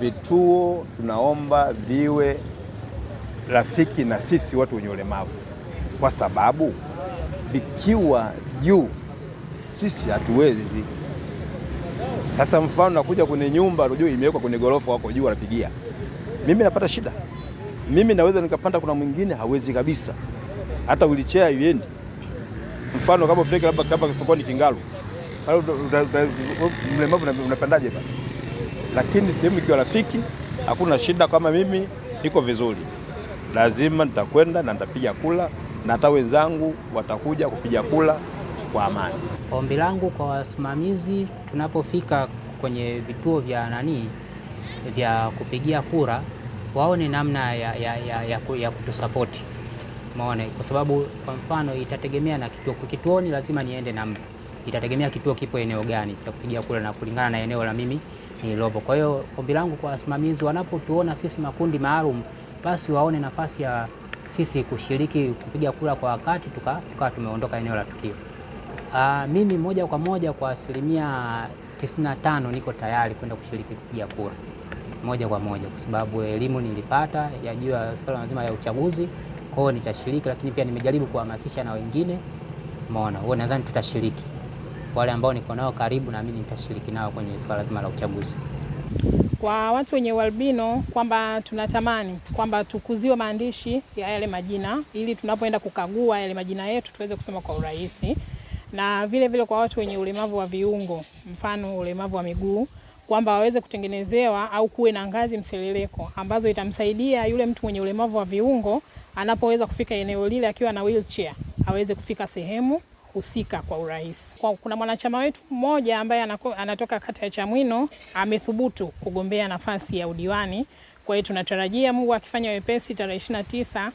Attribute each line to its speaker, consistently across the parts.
Speaker 1: vituo tunaomba viwe rafiki na sisi watu wenye ulemavu, kwa sababu vikiwa juu sisi hatuwezi. Sasa mfano nakuja kwenye nyumba unajua imewekwa kwenye gorofa, wako juu wanapigia, mimi napata shida, mimi naweza nikapanda, kuna mwingine hawezi kabisa, hata wilichea iwendi. Mfano kama peke labda kama sokoni Kingalu, mlemavu unapandaje pale? lakini sehemu ikiwa rafiki, hakuna shida. Kama mimi niko vizuri, lazima nitakwenda na nitapiga kula na hata wenzangu watakuja kupiga kula kwa amani.
Speaker 2: Ombi langu kwa wasimamizi, tunapofika kwenye vituo vya nani vya kupigia kura, waone namna ya, ya, ya, ya, ya kutusapoti maone, kwa sababu kwa mfano itategemea na kituo. Kituoni lazima niende na mtu, itategemea kituo kipo eneo gani cha kupigia kura na kulingana na eneo la mimi iliyopo. Kwa hiyo ombi langu kwa wasimamizi, wanapotuona sisi makundi maalum, basi waone nafasi ya sisi kushiriki kupiga kura kwa wakati, tukawa tuka tumeondoka eneo la tukio. Aa, ah, mimi moja kwa moja kwa asilimia 95 niko tayari kwenda kushiriki kupiga kura moja kwa moja, kwa sababu elimu nilipata ya juu ya swala nzima ya uchaguzi. Kwa hiyo nitashiriki, lakini pia nimejaribu kuhamasisha na wengine, umeona, nadhani tutashiriki wale ambao niko nao karibu, na mimi nitashiriki nao kwenye swala zima la uchaguzi.
Speaker 3: Kwa watu wenye ualbino kwamba tunatamani kwamba tukuziwe maandishi ya yale majina, ili tunapoenda kukagua yale majina yetu tuweze kusoma kwa urahisi, na vile vile kwa watu wenye ulemavu wa viungo, mfano ulemavu wa miguu kwamba waweze kutengenezewa au kuwe na ngazi mseleleko ambazo itamsaidia yule mtu mwenye ulemavu wa viungo anapoweza kufika eneo lile akiwa na wheelchair aweze kufika sehemu husika kwa urahisi. Kwa kuna mwanachama wetu mmoja ambaye anatoka kata ya Chamwino amethubutu kugombea nafasi ya udiwani. Kwa hiyo tunatarajia Mungu akifanya wepesi, tarehe 29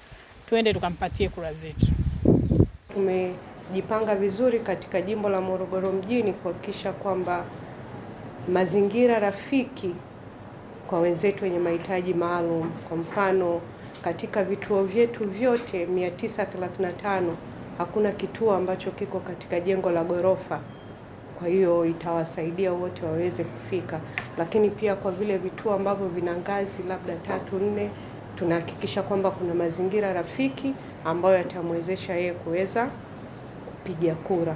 Speaker 3: tuende tukampatie kura zetu.
Speaker 4: Tumejipanga vizuri katika jimbo la Morogoro mjini kuhakikisha kwamba mazingira rafiki kwa wenzetu wenye mahitaji maalum, kwa mfano katika vituo vyetu vyote 935 hakuna kituo ambacho kiko katika jengo la ghorofa, kwa hiyo itawasaidia wote waweze kufika. Lakini pia kwa vile vituo ambavyo vina ngazi labda tatu nne, tunahakikisha kwamba kuna mazingira rafiki ambayo yatamwezesha yeye kuweza kupiga kura.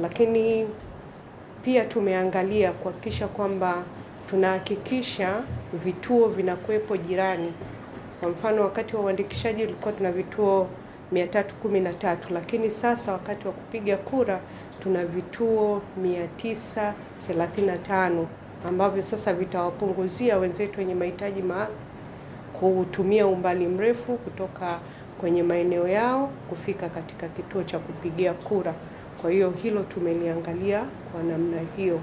Speaker 4: Lakini pia tumeangalia kuhakikisha kwamba tunahakikisha vituo vinakuwepo jirani. Kwa mfano, wakati wa uandikishaji ulikuwa tuna vituo 313 lakini sasa wakati wa kupiga kura tuna vituo 935 ambavyo sasa vitawapunguzia wenzetu wenye mahitaji maalum kutumia umbali mrefu kutoka kwenye maeneo yao kufika katika kituo cha kupigia kura. Kwa hiyo hilo tumeliangalia kwa namna hiyo.